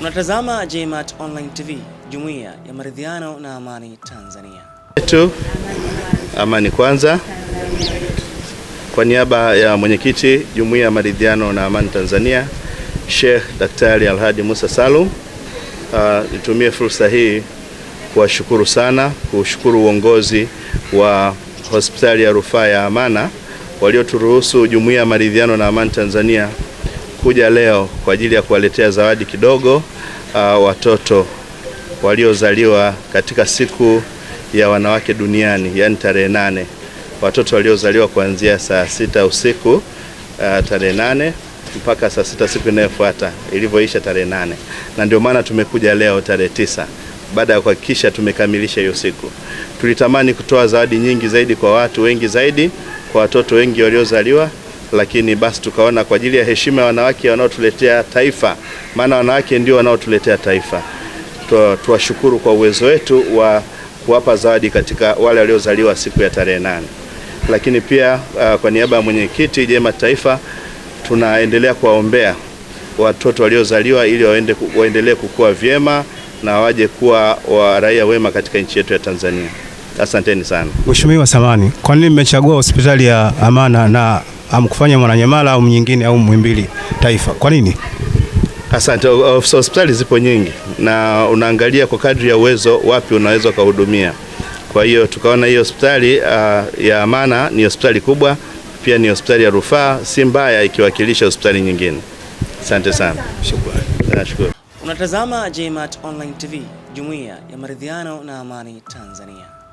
Unatazama JMAT Online TV, Jumuiya ya Maridhiano na Amani Tanzania. Yetu amani kwanza. Kwa niaba ya mwenyekiti Jumuiya ya Maridhiano na Amani Tanzania, Sheikh Daktari Alhadi Musa Salum, uh, nitumie fursa hii kuwashukuru sana, kushukuru uongozi wa hospitali ya rufaa ya Amana walioturuhusu Jumuiya ya Maridhiano na Amani Tanzania Tumekuja leo kwa ajili ya kuwaletea zawadi kidogo uh, watoto waliozaliwa katika siku ya wanawake duniani, yani tarehe nane, watoto waliozaliwa kuanzia saa sita usiku uh, tarehe nane mpaka saa sita siku inayofuata ilivyoisha tarehe nane, na ndio maana tumekuja leo tarehe tisa baada ya kuhakikisha tumekamilisha hiyo siku. Tulitamani kutoa zawadi nyingi zaidi kwa watu wengi zaidi, kwa watoto wengi waliozaliwa lakini basi tukaona kwa ajili ya heshima ya wanawake wanaotuletea taifa, maana wanawake ndio wanaotuletea taifa, tuwashukuru kwa uwezo wetu wa kuwapa zawadi katika wale waliozaliwa siku ya tarehe nane. Lakini pia uh, kwa niaba ya mwenyekiti Jema Taifa tunaendelea kuwaombea watoto waliozaliwa ili waende, waendelee kukua vyema na waje kuwa wa raia wema katika nchi yetu ya Tanzania. Asanteni sana. Mheshimiwa Samani, kwa nini mmechagua hospitali ya Amana na amkufanya Mwananyamala au nyingine au Muhimbili taifa. Kwa nini? Asante. Hospitali zipo nyingi na unaangalia kwa kadri ya uwezo wapi unaweza ukahudumia. Kwa hiyo tukaona hii hospitali uh, ya Amana ni hospitali kubwa, pia ni hospitali ya rufaa, si mbaya ikiwakilisha hospitali nyingine. Asante sana, nashukuru. Unatazama JMAT Online TV, jumuiya ya maridhiano na amani Tanzania.